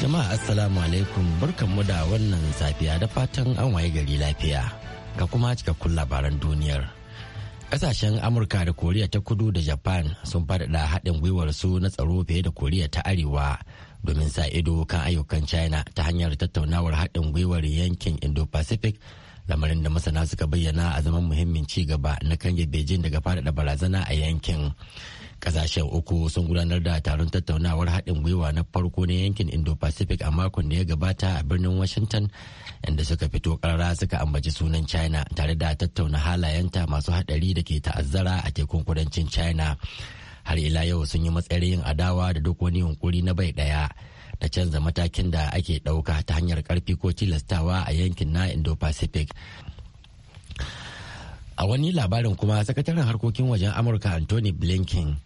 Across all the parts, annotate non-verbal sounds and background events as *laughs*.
Jama'a Assalamu alaikum barkanmu da wannan safiya da fatan an waye gari lafiya ga kuma cikakkun labaran duniyar. Kasashen Amurka da Koriya ta kudu da Japan sun faɗaɗa haɗin gwiwar su na tsaro fiye da Koriya ta Arewa domin sa ido kan ayyukan China ta hanyar tattaunawar haɗin gwiwar yankin Indo-Pacific lamarin da masana suka bayyana a zaman muhimmin ci gaba na kange beijing daga faɗaɗa barazana a yankin kasashen uku sun gudanar da taron tattaunawar haɗin gwiwa na farko na yankin indo-pacific a makon da ya gabata a birnin washington inda suka fito karara suka ambaci sunan china tare da tattauna halayenta masu haɗari da ke ta'azzara a tekun kudancin china har ila yau sun yi matsayar yin adawa da duk wani yunkuri na bai ɗaya ta canza matakin da ake ɗauka ta hanyar karfi ko tilastawa a yankin na indo-pacific a wani labarin kuma sakataren harkokin wajen amurka anthony blinken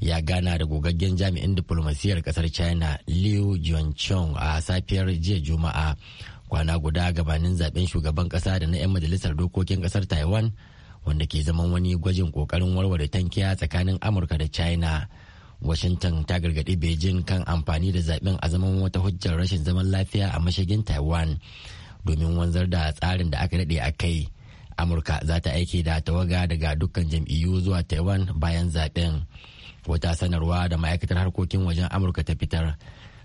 ya gana da gogaggen jami'in diplomasiyyar kasar china liu yuancheng a safiyar jiya juma'a kwana guda gabanin zaben shugaban kasa da na 'yan majalisar dokokin kasar taiwan wanda ke zaman wani gwajin kokarin warware tankiya tsakanin amurka da china washington ta gargaɗi beijing kan amfani da zaɓen a zaman wata hujjar rashin zaman lafiya a mashigin taiwan domin wanzar da tsarin da aka daɗe a kai amurka za ta aiki da tawaga daga dukkan jam'iyyu zuwa taiwan bayan zaɓen wata sanarwa da ma'aikatar harkokin wajen amurka ta fitar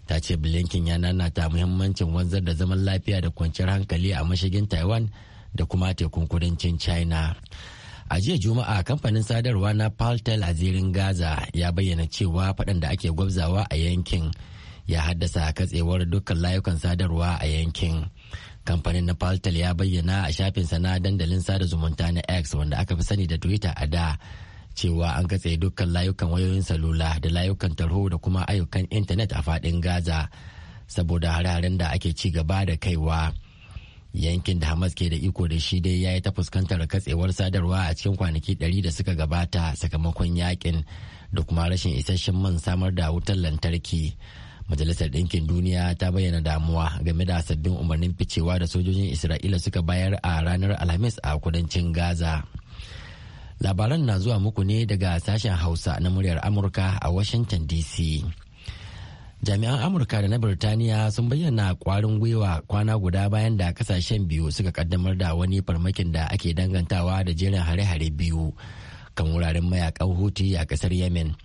ta ce blinken ya ta muhimmancin wanzar da zaman lafiya da kwanciyar hankali a mashigin taiwan da kuma tekun kudancin china A jiya Juma'a kamfanin sadarwa na Paltel a zirin Gaza ya bayyana cewa faɗan da ake gwabzawa a yankin ya haddasa katsewar dukkan layukan sadarwa a yankin. Kamfanin na Paltel ya bayyana a shafinsa na dandalin sada zumunta na X wanda aka fi sani da Twitter a da cewa an katse dukkan layukan wayoyin salula da layukan tarho da kuma ayyukan intanet a faɗin Gaza saboda hare-haren da ake ci gaba da kaiwa. yankin da hamas ke da iko da shi dai ya yi ta fuskantar katsewar sadarwa a cikin kwanaki 100 da suka gabata sakamakon yakin da kuma rashin isasshen man samar da wutar lantarki majalisar ɗinkin duniya ta bayyana damuwa game da sabbin umarnin ficewa da sojojin isra'ila suka bayar a ranar alhamis a kudancin gaza labaran na zuwa muku ne daga sashen hausa na muryar amurka a washington dc jami'an amurka da na birtaniya sun bayyana kwarin gwiwa kwana guda bayan da kasashen biyu suka kaddamar da wani farmakin da ake dangantawa da jerin hare-hare biyu kan wuraren mayakan huti a kasar yemen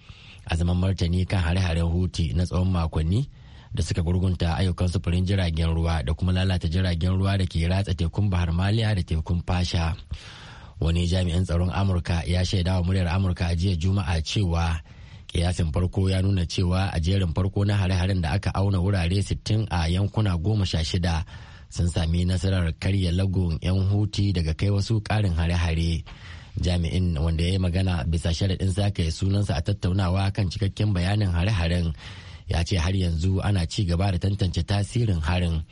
a zaman martani kan hare-haren huti na tsawon makonni da suka gurgunta ayyukan sufurin jiragen ruwa da kuma lalata jiragen ruwa da ke ratsa tekun bahar maliya da tekun fasha wani jami'in tsaron amurka ya shaidawa muryar amurka jiya juma'a cewa kiyasin farko ya nuna cewa a jerin farko na hare-haren da aka auna wurare 60 a yankuna goma sha shida sun sami nasarar karya lagun 'yan huti daga kai wasu karin hare-hare jami'in wanda ya yi magana bisa sharaɗin sake sunansa a tattaunawa kan cikakken bayanin hare-haren ya ce har yanzu ana ci gaba da tantance tasirin harin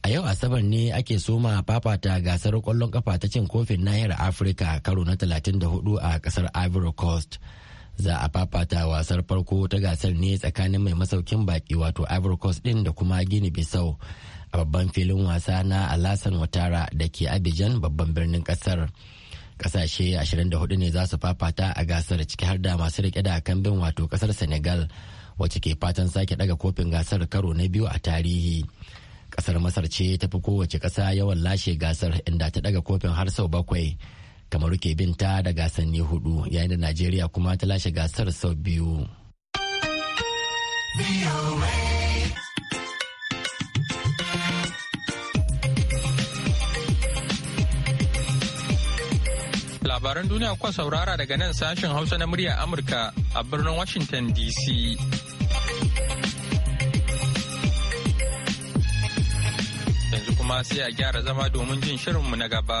a yau asabar ne ake soma fafata gasar kwallon kafa ta cin kofin nahiyar afirka karo na 34 a kasar ivory coast za a fafata wasar farko ta gasar ne tsakanin mai masaukin baki wato ivory coast din da kuma gini bisau a babban filin wasa na alasan watara da ke abidjan babban birnin kasar kasashe 24 ne za su fafata a gasar ciki har da masu rike da kan bin wato kasar senegal wacce ke fatan sake daga kofin gasar karo na biyu a tarihi kasar masar ce ta fi kowace kasa yawan lashe gasar inda ta daga kofin har sau bakwai kamar ke binta da gasanni hudu yayin da najeriya kuma ta lashe gasar sau biyu labaran duniya kuwa saurara daga nan sashen hausa na murya amurka a birnin washington dc yanzu kuma sai a gyara zama domin jin shirinmu na gaba.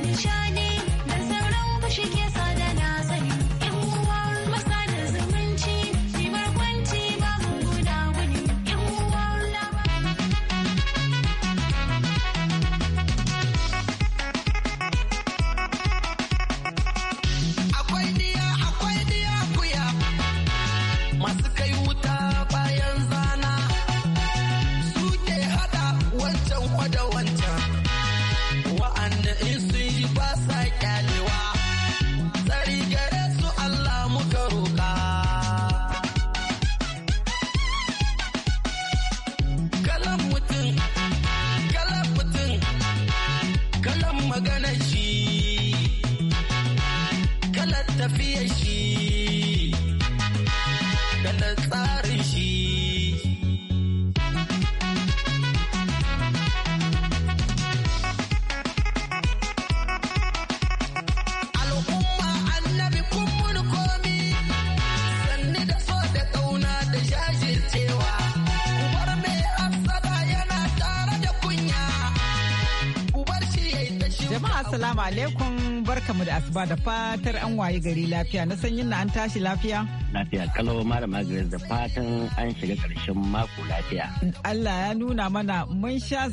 Assalamu alaikum barkamu da asuba da fatar an waye gari lafiya na sanyin na an tashi lafiya. Lafiya kalau mara Grace da fatan an shiga karshen mako lafiya. Allah ya nuna mana mun sha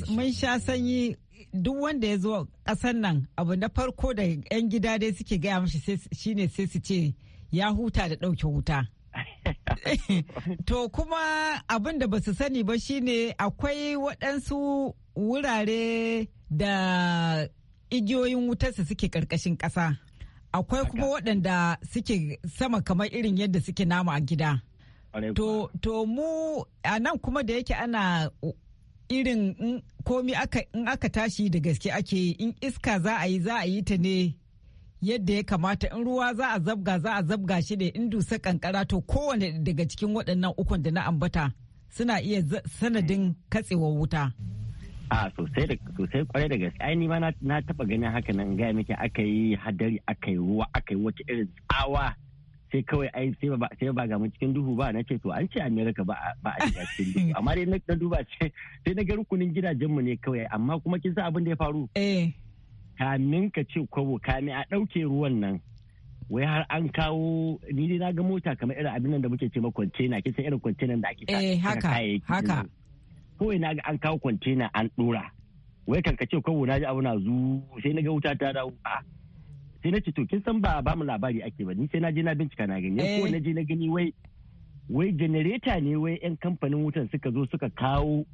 sanyi duk wanda ya zo ƙasar nan abu na farko da 'yan gida dai suke gaya mashi shine sai su ce ya huta da ɗauke wuta. *laughs* to kuma abin da ba su sani ba shine akwai waɗansu wurare da igiyoyin su suke karkashin ƙasa akwai kuma waɗanda suke sama kamar irin yadda suke nama a gida to, to mu a nan kuma da yake ana irin komi in aka tashi da gaske ake in iska za a yi za a yi ta ne yadda ya kamata in ruwa za a zabga za a zabga shi da in dusa kankara to kowane daga cikin waɗannan ukun da na ambata suna iya sanadin katsewar wuta. a sosai da sosai kwarai da gaske ai ni ma na taba ganin haka nan ga miki aka yi hadari aka yi ruwa aka yi wata irin tsawa sai kawai ai sai ba sai ba ga mu cikin duhu ba na ce to an ce America ba ba a shiga cikin duhu amma dai na duba ce *laughs* sai na ga rukunin gidajen mu ne kawai amma kuma kin san abin da ya faru eh kamin ka ce kwabo kamin a dauke ruwan nan wai har an kawo ni dai na ga mota kamar irin abin da muke ce ma container san irin container da ake sa eh, haka haka ko ina ga an kawo kwantena an dora wai kan kace kawo na ji abu na zu sai na ga wuta ta dawo a sai na ce to kin san ba ba mu labari ake ba ni sai na je na bincika na gani ko eh. na je na gani wai wai janareta ne wai yan kamfanin wutan suka zo suka kawo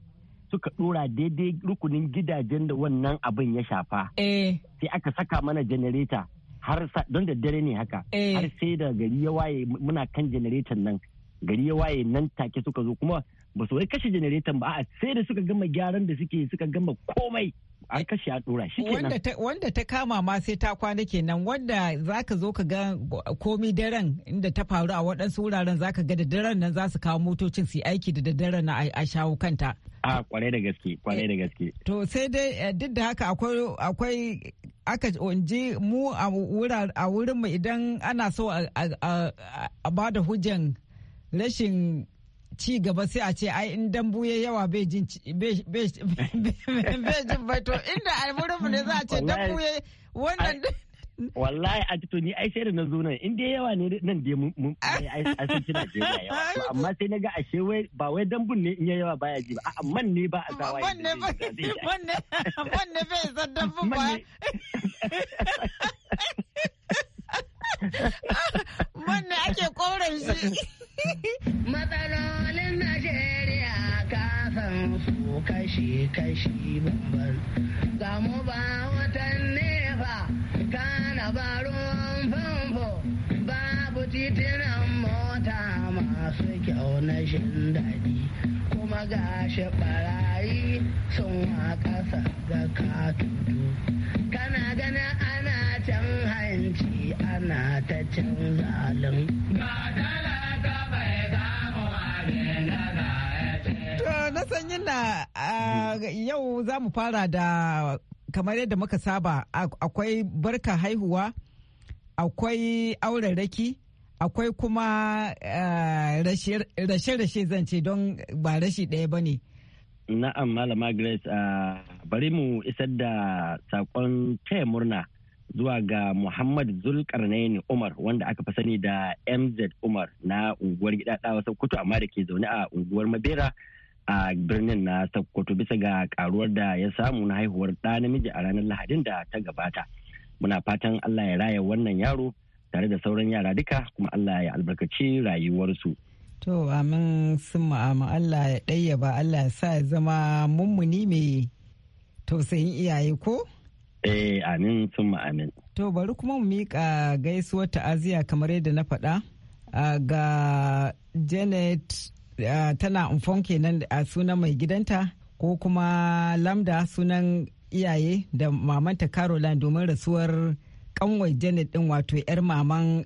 suka dora daidai rukunin gidajen da wannan abin ya shafa eh. sai aka saka mana generator har don da dare ne haka eh. har sai da gari ya waye muna kan generator nan gari ya waye nan take suka zo kuma ba su wai kashe janareton ba a sai da suka gama gyaran da suke suka gama komai an eh, kashe a dora shi wanda ta, wanda ta kama ma sai ta kwana kenan wanda zaka zo ka ga komi daren inda ta faru a waɗansu wuraren zaka ga da daren nan za su kawo motocin su aiki da daren na a shawo kanta a kwarai da gaske kwarai da eh, gaske to sai dai eh, duk da haka akwai akwai aka ji mu a wurin mu idan ana so a ba da hujjan rashin ci gaba sai a ce ai in dambu ya yawa bai jin bai to inda almurinmu ne za a ce dambu ya wannan wallahi a to ni ai sai da na zo nan in dai yawa ne nan dai mun ai san kina da yawa *laughs* amma sai na ga ashe wai ba wai dambun ne in yawa baya ji ba a man ne ba a zawa man ne *laughs* man ne bai san dambun ba *laughs* kashi babbar ga mu ba watan nefa kana ba famfo babu titinan mota masu kyau na shin kuma ga shi bara za mu fara da kamar yadda muka saba akwai barka haihuwa akwai auraraki akwai kuma eh, rashe-rashe zance don ba rashi ɗaya ba ne. Na'am Malama Grace ah, bari mu isar da saƙon taya murna zuwa ga Muhammad Zulkarnaini Umar wanda aka fi sani da MZ Umar na unguwar gida ɗawa Sokoto amma da ke zaune a unguwar Mabera a birnin na Sokoto bisa ga karuwar da ya samu na haihuwar ɗa namiji a ranar Lahadin da ta gabata. Muna fatan Allah ya raya wannan yaro tare da sauran yara duka kuma Allah ya albarkaci rayuwarsu. To amin sun ma'amu Allah ya ɗaya ba Allah ya sa ya zama mummuni mai tausayin iyaye ko? Eh amin sun ma'amin. To bari kuma mu miƙa gaisuwar ta'aziyya kamar yadda na faɗa ga Janet tana umfon kenan a sunan mai gidanta ko kuma lamda sunan iyaye da mamanta caroline domin rasuwar kanwai janet din wato 'yar maman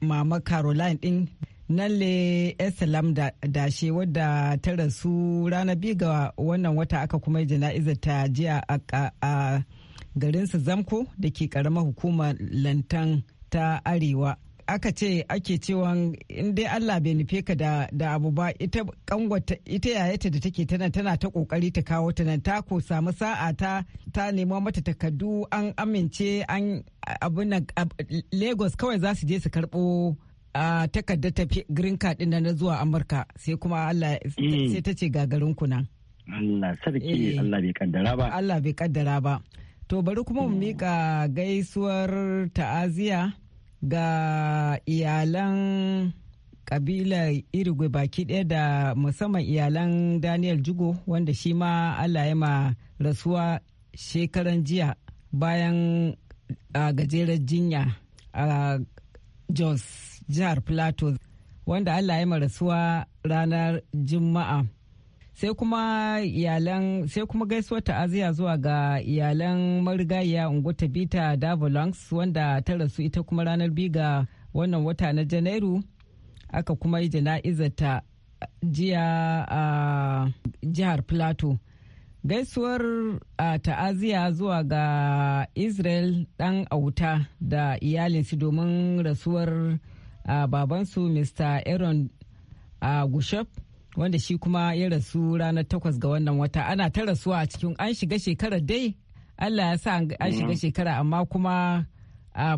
mama caroline din nan le esalam da dashe wadda ta rasu ranar biyu ga wannan wata aka kuma jana'izar ta jiya a garin su zamko da ke karamar hukumar lantan ta arewa aka ce ake cewa in dai Allah bai nufe ka da abu ba ita kangwata ita yayata da take tana tana ta kokari ta kawo ta nan ta ko samu sa'a ta ta nemo mata takardu an amince an abun nan Lagos kawai za su je su karbo a takardar ta green card din na zuwa Amurka sai kuma Allah mm. sai ta ce gagarin ku nan Allah sarki eh. Allah bai kaddara ba Allah bai kaddara ba to bari kuma mu mm. mika gaisuwar ta'aziya ga iyalan kabilar irigwe baki ɗaya da musamman iyalan daniel jugo wanda shi ma allah ya ma rasuwa shekaran jiya bayan a gajeren jinya a jos jihar plateau wanda allah ya ma rasuwa ranar juma'a sai kuma iyalan sai kuma gaisuwar ta'aziyya zuwa ga iyalan marigayya unguta bita davolongs wanda ta rasu ita kuma ranar biyu ga wannan wata na janairu aka kuma yi jana'izarta jiya a jihar plato gaisuwar ta'aziyya zuwa ga israel dan auta da iyalinsu domin rasuwar babansu mr aaron gushep wanda shi kuma ya rasu ranar takwas ga wannan wata ana ta rasuwa a cikin an shiga shekara dai allah ya sa an shiga mm. shekara amma kuma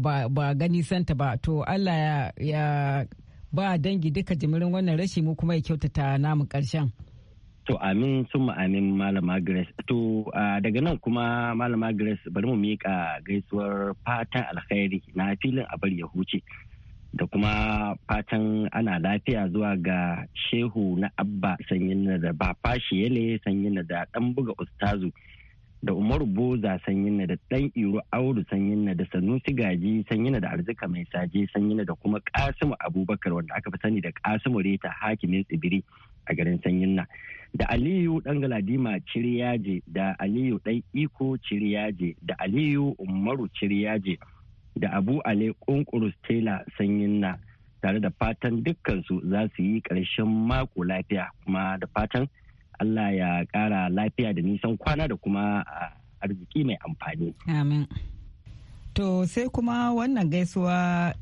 ba gani santa ba to allah ya ba dangi duka jimirin wannan rashi mu kuma ya kyautata namu karshen to amin sun amin malama grace to daga nan kuma malama grace bari mu miƙa gaisuwar fatan alkhairi na filin a bar ya huce da kuma fatan ana lafiya zuwa ga shehu na abba sanyin da ba fashi yale sanyin da dan buga ustazu da umaru boza sanyin da dan iro auru sanyin da sanusi gaji sanyin da arzika mai saje sanyin da kuma kasimu abubakar wanda aka fi sani da kasimu reta hakimin tsibiri a garin sanyin na da aliyu dan galadima ciriyaje da aliyu dan iko ciriyaje da aliyu umaru ciriyaje da abu ale kunkurus tela sanyin na tare da fatan dukkansu za su yi karshen mako lafiya kuma da fatan allah ya kara lafiya da nisan kwana da kuma arziki mai amfani amin to sai kuma wannan gaisuwa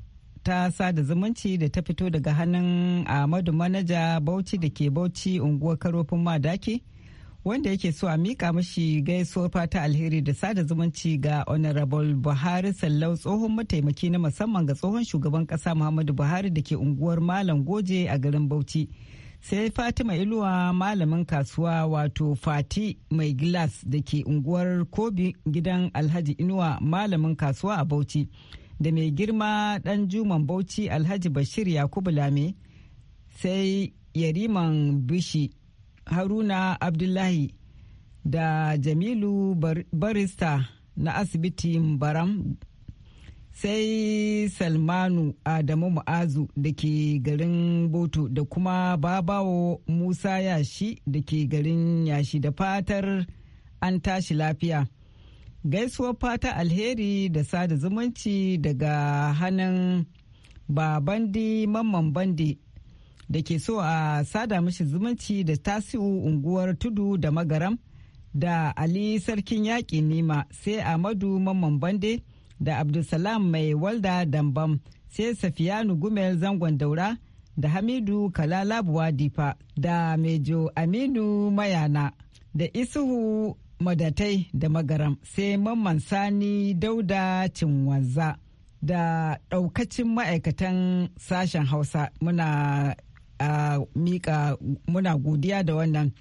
ta sada zumunci da ta fito daga hannun ahmadu manaja bauchi da ke bauchi unguwar karofin madaki wanda yake so a mika mashi gaisuwar fata alheri da sada zumunci ga honorable buhari sallau tsohon mataimaki na musamman ga tsohon shugaban kasa muhammadu buhari da ke unguwar malam goje a garin bauchi sai fatima iluwa malamin kasuwa wato fati mai gilas da ke unguwar kobi gidan alhaji inuwa malamin kasuwa a bauchi da mai girma dan juman bauchi alhaji bashir yakubu lame sai yariman bishi haruna abdullahi da jamilu barista na asibitin baram sai salmanu adamu mu'azu da ke garin boto da kuma babawo musa yashi da ke garin yashi da fatar an tashi lafiya gaisuwar fata alheri da sada zumunci daga hannun babandi mamman bandi da ke so a sada mashi zumunci da tasi'u unguwar tudu da magaram da ali sarkin yaƙi nima sai amadu mamman bande da abdulsalam mai walda dambam sai safiyanu gumel zangon daura da hamidu kalalabuwa difa da mejo aminu mayana da isuhu madatai da magaram sai mamman sani dauda cinwanza da ɗaukacin ma'aikatan sashen hausa muna mika muna godiya da wannan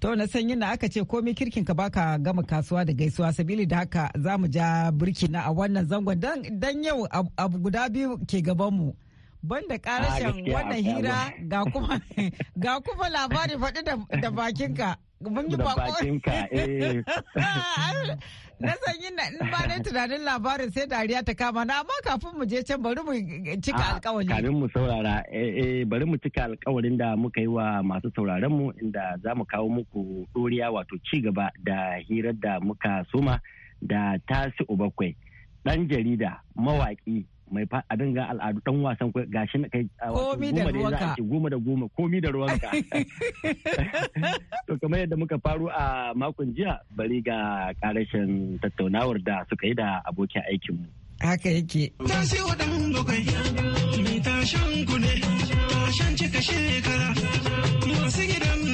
to na san aka ce komai kirkin ka baka gama kasuwa da gaisuwa sabili da haka za mu ja birki na a wannan zangon dan yau abu guda biyu ke gabanmu banda karashin wannan hira *laughs* ga kuma labari faɗi da bakinka Mun yi eh. *laughs* Na san yin in ba ne tunanin labarin sai dariya ta kama na amma kafin mu je can bari mu cika alkawari. Kafin mu saurara eh, eh bari mu cika alkawarin da muka yi wa masu sauraron mu inda za mu kawo muku doriya wato ci gaba da hirar da muka suma da tasi ubakwai. Ɗan jarida mawaƙi mai a dinga al'adu dan wasan kai gashi na kai komi da ruwanka goma da goma komi da ruwanka *laughs* to kamar yadda muka faru a makon jiya bari ga karashin tattaunawar da suka yi da abokin aikin mu haka yake tashi wadan bakwai mai tashan ku ne tashan cika shekara masu gidan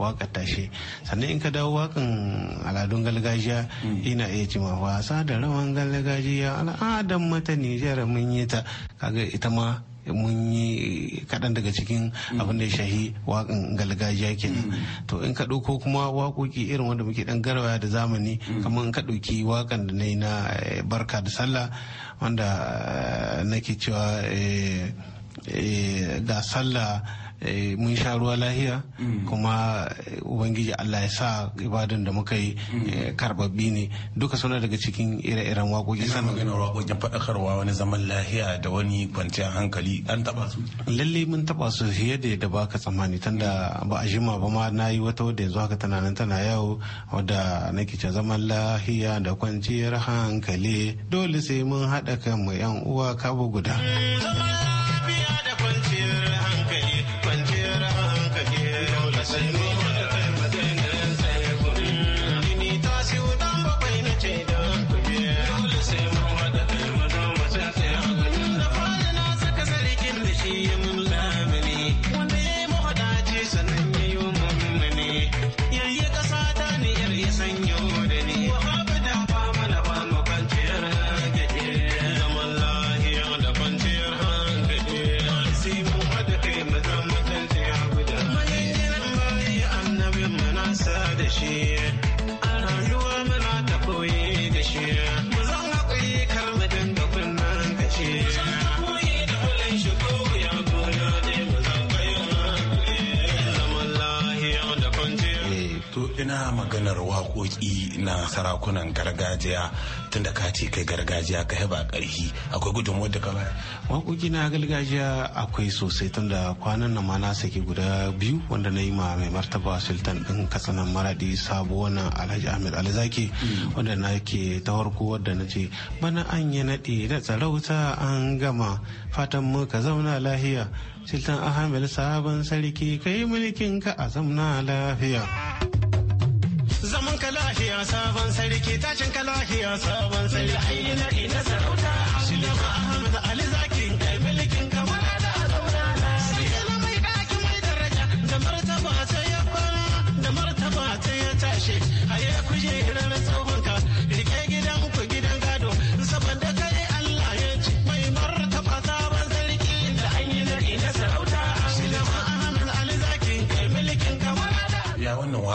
waƙar tashe sannan in ka dawo wakan aladun gargajiya mm. ina iya ma wasa da rawan gargajiya al'adan mata nijar mun yi ta kaga ita ma mun yi kaɗan daga cikin mm. abin da shahi wakan galgajiya kenan mm. to in ka ɗauko kuma waƙoƙi irin wanda muke ɗan garwaya da zamani kamar in ka ɗauki wakan da na yi eh, na barka da sallah wanda eh, nake cewa eh, ga sallah Eh, mun sha ruwa lahiya mm. kuma eh, ubangiji allah ya sa ibadan da muka yi mm. eh, karbabbi ne duka suna daga cikin ire-iren waƙoƙi sannan magana waƙoƙin faɗakarwa wani zaman lahiya da wani kwanciyar hankali an taba su lalle mun taba su fiye da yadda baka tsammani tanda ba a jima ba ma na yi wata wadda yanzu haka tana nan tana yawo wadda nake ce zaman lahiya da kwanciyar hankali dole sai mun haɗa kan mu 'yan uwa kabo guda. maganar waƙoƙi na sarakunan gargajiya tun da ka kai gargajiya ka heba ƙarfi akwai gudunmuwar da ka bayar waƙoƙi na gargajiya akwai sosai tunda da kwanan na ma na saki guda biyu wanda na yi ma mai martaba sultan ɗin kasanan maradi sabo na alhaji ahmed alzaki mm. wanda na ke ta farko wadda na ce bana an yi naɗe da tsarauta an gama fatan mu ka zauna lahiya sultan ahmed sabon sarki kai mulkin ka a zauna lafiya. sabon sarki tashin kalahiya sabon sarki ayyana ina sarauta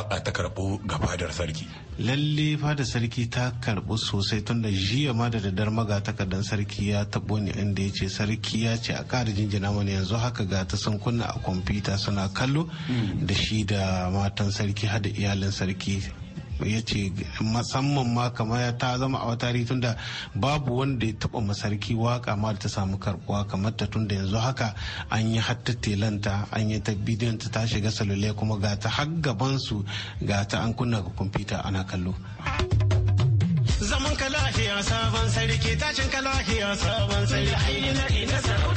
waka ta karbo ga fadar sarki lalle fadar sarki ta karɓi sosai tun da jiya ma da daddar maga takardar sarki ya tabo ni inda ya ce sarki ya ce a ƙara jinjina mana yanzu haka ga ta sun kunna a kwamfuta suna kallo hmm. da shi da matan sarki hada iyalin sarki ya ce musamman ma kamar ta zama a tun da babu wanda ya taba masarki waka ma da ta samu karbuwa kamar ta tun da yanzu haka an yi hatta telanta an yi ta bidiyon ta shiga salulai kuma ga ta har gaban su ga ta an kunna ga kwamfuta ana kallo zaman ka sabon sarki tashin ka sabon sarki na sarau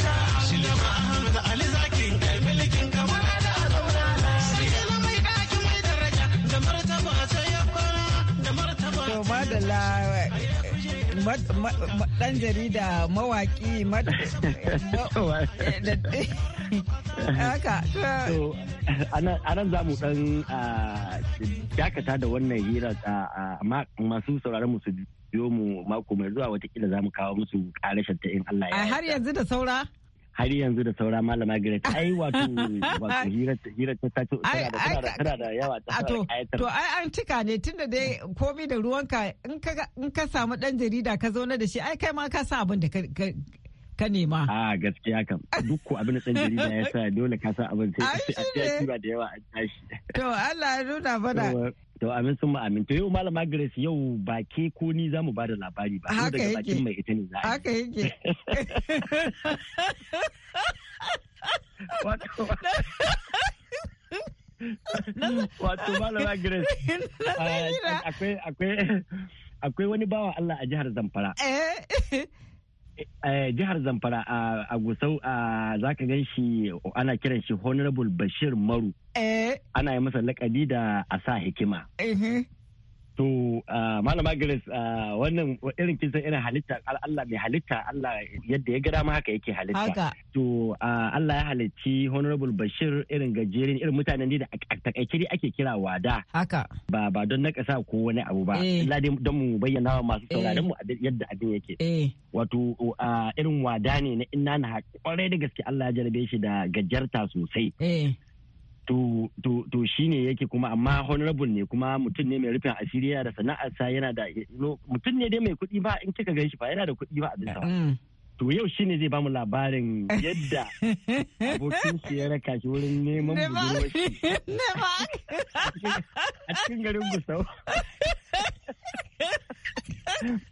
madala ɗan jarida mawaki *laughs* eh, eh, *laughs* haka nan za mu dan ah, dakata da wannan hira ah, masu sauraron musu biyo mu mako mai zuwa watakila za mu kawo musu karashin ta in Allah ya har yanzu da saura har yanzu da saura malama gare ta yi wato hira ta ta tana da yawa ta fara kayatar. to ai an cika ne tunda dai komi da ruwanka in ka samu dan jarida ka zauna da shi ai kai ma ka sa abin da ka nema. A gaskiya kam duk ko abin da jarida ya sa dole ka sa abin sai a ba da yawa an tashi. To Allah ya nuna fada. To amin sun ma amin. To yau Malam Agnes yau ba ke ko ni za mu ba da labari ba. Haka yake. Daga bakin mai ita ne za a Haka yake. Wato Malam *laughs* Agnes. Akwai wani bawa Allah a jihar Zamfara. Eh. Eh, eh, jihar zamfara a gusau za ka gan shi ana kiran shi honorable bashir maru eh. ana yi masa lakadi da asa hikima mm-hmm. To ah, malam Grace ah, wannan irin kisan irin halitta Allah mai halitta Allah yadda ya gada ma haka yake halitta. Haka. To ah, Allah ya halicci Honorable Bashir irin gajerin irin mutanen da a takaice dai ake kira wada. Haka. Ba ba don na ƙasa ko wani abu ba. Eh. Ladi dai don mu bayyana wa masu sauraron mu eh. yadda abin yake. Eh. Wato irin wada ne na inna na kwarai da gaske Allah ya jarabe shi da gajarta sosai. to shi ne yake kuma amma honorable ne kuma mutum ne mai rufin asiri yana da sana'arsa yana da mutum ne dai mai kuɗi ba in kika gan shi fa yana da kuɗi ba abin sa mm. to yau shine zai bamu labarin yadda abokin shi ya raka shi wurin neman budurwar *laughs* a cikin garin Gusau.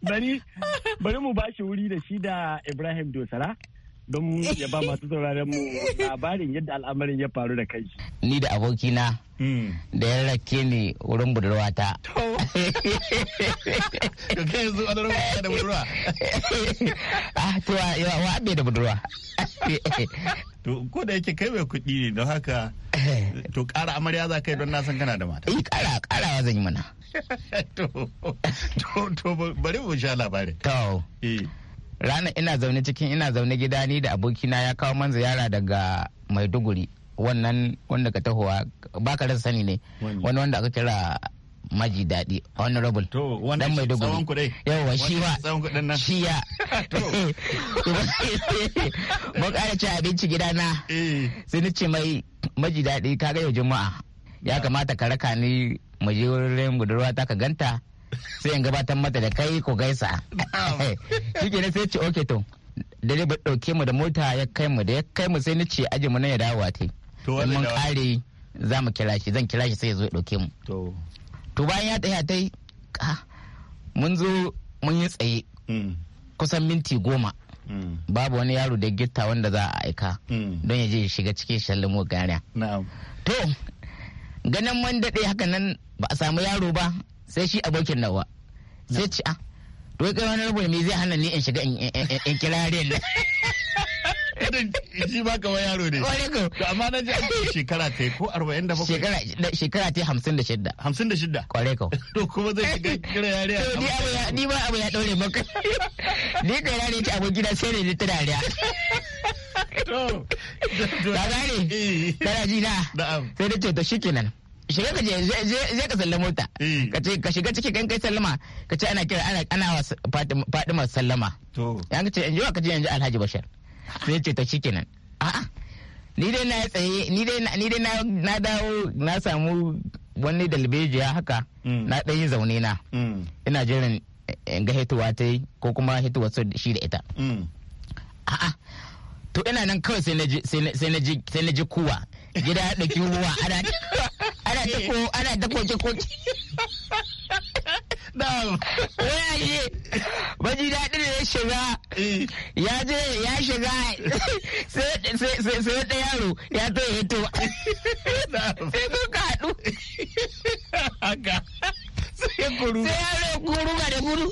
bari mu bashi wuri da shi da Ibrahim Dosara don ya ba masu sauraren mu labarin yadda al'amarin ya faru da kai. Ni da abokina hmm. da ya rake ni wurin budurwata. Ka yanzu wani ruwa da budurwa. *laughs* Ah, to wa abe da budurwa. *laughs* To ko da yake kai mai kuɗi ne don haka eh. to ƙara amarya za ka yi don nasan kana da mata. Eh ƙara wa zan yi mana. *laughs* To to bari mu sha labarin. To. Eh. ranar ina zaune cikin ina zaune gida ni da abokina ya kawo man ziyara daga maiduguri wannan wanda ka tahowa baka rasa sani ne wani wanda aka kira maji daɗi honorable to wannan mai dogon tsawon kuɗai yawa shi wa tsawon kuɗin nan shi ya *laughs* *laughs* mun ƙara ci abinci gida na eh. sai ni ce mai maji daɗi kaga yau juma'a ya kamata ka raka ni mu je wurin budurwa ta ka ganta sai in gabatar mata da kai ko gaisa *laughs* shi ne sai ce okay to ba ɗauke mu da mota ya kai mu da ya kai mu sai na ce aji mu nan ya dawo te mun kare za mu kira shi zan kira shi sai ya zo ya ɗauke mu to bayan ya tsaya ta yi ah, mun zo mun yi tsaye mm. kusan minti goma mm. babu wani yaro da gitta wanda za a aika mm. don ya je ya shiga cikin shallamo Na'am. to ganin mun daɗe haka nan ba a samu yaro ba sai shi abokin nawa sai ci a ah, to kai wani rubu me zai hana ni in shiga in kira rin *laughs* shi ba kamar yaro ne to amma na ji ake shekara ta ko 47 shekara ta 56 56 kware ko *laughs* to kuma zai shiga kira yare to ni abu ya ni ba abu ya daure maka *laughs* ni ka yare ta abu gida sai ne ni turariya to da gani eh. kana ji na sai da ce to shikenan shiga ka je ka sallama mota eh. ka ce ka shiga ciki kan kai sallama ka ce ana kira ana ana Fatima sallama to yan ce yanzu ka ce yanzu Alhaji Bashir sai ce to shikenan a ni dai na tsaye ni dai ni dai na dawo na samu wani dalbejiya haka mm. na ɗan yi zaune na mm. ina jiran eh, ga hituwa ta yi ko kuma hituwa shi da ita mm. a'a to ina nan kawai sai na ji kuwa gida ya ɗauki ruwa ana dako ana dako jakoki *laughs* na'am wayaye baji daɗi da ya shiga eh. ya je ya shiga *laughs* sai wata yaro ya to ya to sai kuka haɗu haka sai kuru sai yaro kuru ga da kuru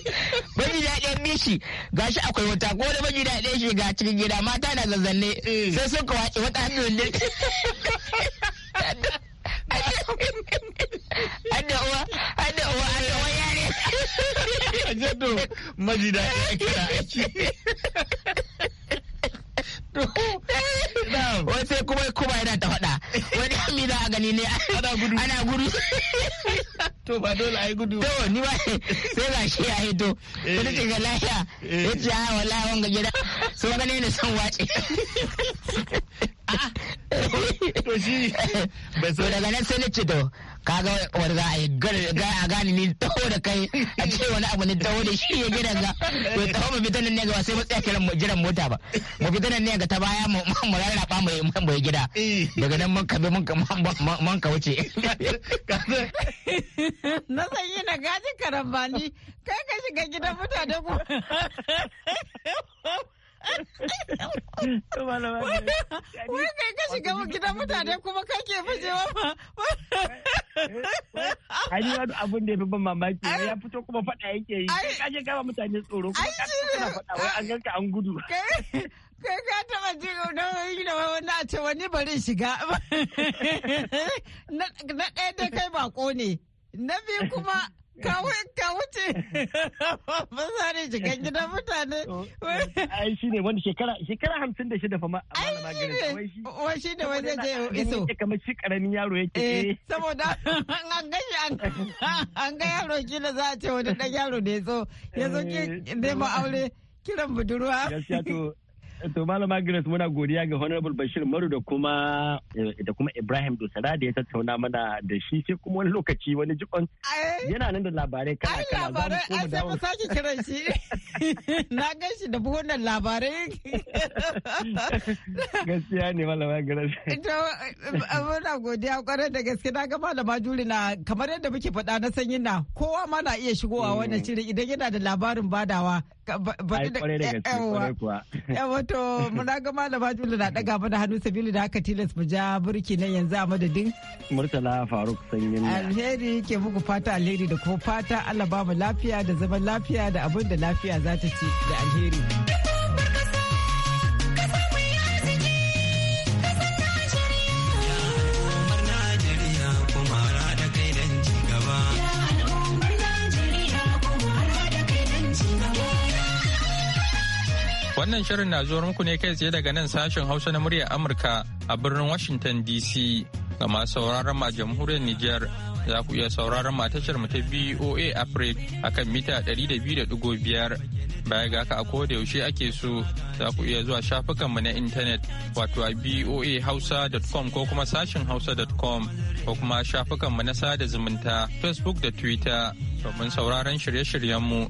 baji daɗin mishi gashi akwai wata ko da baji daɗin shi ga cikin gida mata na zazzanne eh. sai suka wace wata hannun *laughs* jado maji da ya kira aiki wai sai kuma kuma yana ta faɗa wani hami za a gani ne ana gudu ana gudu to ba dole ai gudu to ni ba sai ba shi ya hito eh. wani ce ga lafiya eh. ya ce ha ah, wala wanga gida sun gane ne son wace *laughs* ah. *laughs* shi *laughs* ba so daga nan sai na ce to kaga wanda za a yi gara a gani ni taho da kai a ce wani abu ne taho da shi ya gina ga to taho mu fitanin ne ga sai mu tsaya kiran jiran mota ba mu fitanin ne ga ta baya mu *laughs* mu ba mu yi gida eh. daga nan mun kabe mun mun ka wuce na san yi na gaji karambani kai ka shiga gidan mutane ku *laughs* Wai kai ka shiga gidan mutane kuma kai ke ma. Ani wani abin da ya fi ban mamaki ya fito kuma faɗa yake yi. gaba mutane tsoro wai an ganka an gudu. Kai ka taɓa da wani a ce wani bari shiga. *laughs* Na ɗaya kai bako ne. Na biyu kuma ka wuce *laughs* ba za ne shiga gidan mutane oh, *laughs* ai shi ne shekara shekara hamsin da shida fa ma ai shi ne wa shi ne zai iso kamar shi karamin yaro yake eh, eh. saboda *laughs* an ga an ga yaro kila za a ce wani dan yaro da ya zo ya zo ki eh, aure kiran budurwa gaskiya to to malama Agnes muna godiya ga honorable Bashir Maru da kuma eh, da kuma Ibrahim Dusara da ya tattauna mana da shi sai kuma wani lokaci wani jikon yana nan da labarai kana kana za mu koma da mu sake kira shi *laughs* na gan shi da buhunan labarai *laughs* gaskiya ne malama Agnes to eh, muna godiya kwarai da gaske na ga malama Juli na kamar yadda muke faɗa na sanyin na kowa ma na iya shigowa mm. wannan shirin idan yana da labarin badawa ba da eh, to muna ga malama Jula na daga mana hannu sabili da haka tilas mu ja burki na yanzu a madadin. Murtala Faruk sanyin Alheri ke muku fata alheri da kuma fata Allah ba mu lafiya da zaman lafiya da abin da lafiya za ta ci da alheri. Wannan shirin na zuwa muku ne kai tsaye daga nan sashen Hausa na muryar Amurka a birnin Washington DC. Ga masu sauraron ma jamhuriyar Nijar za ku iya sauraron ma tashar mu ta BOA Africa a kan mita 200.5. Baya ga haka a koda yaushe ake so za ku iya zuwa shafukan mu na intanet wato a BOA hausa.com ko kuma sashen hausa.com ko kuma shafukan mu na sada zumunta Facebook da Twitter domin sauraron shirye-shiryen mu.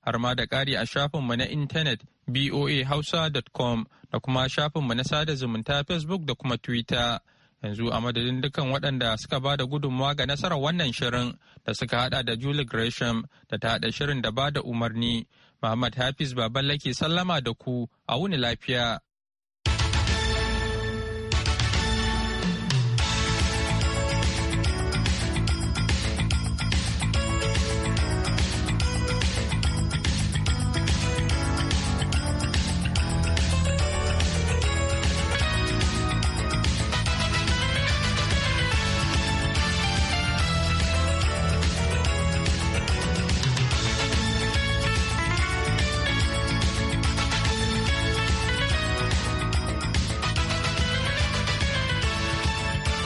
har ma da ƙari a shafinmu na intanet boahausa.com da kuma shafinmu na sada zumunta facebook da kuma twitter yanzu a madadin dukkan waɗanda suka ba da gudunmawa ga nasarar wannan shirin da suka haɗa da julie gresham da ta haɗa shirin da ba da umarni muhammad hafiz baballake sallama da ku a wuni lafiya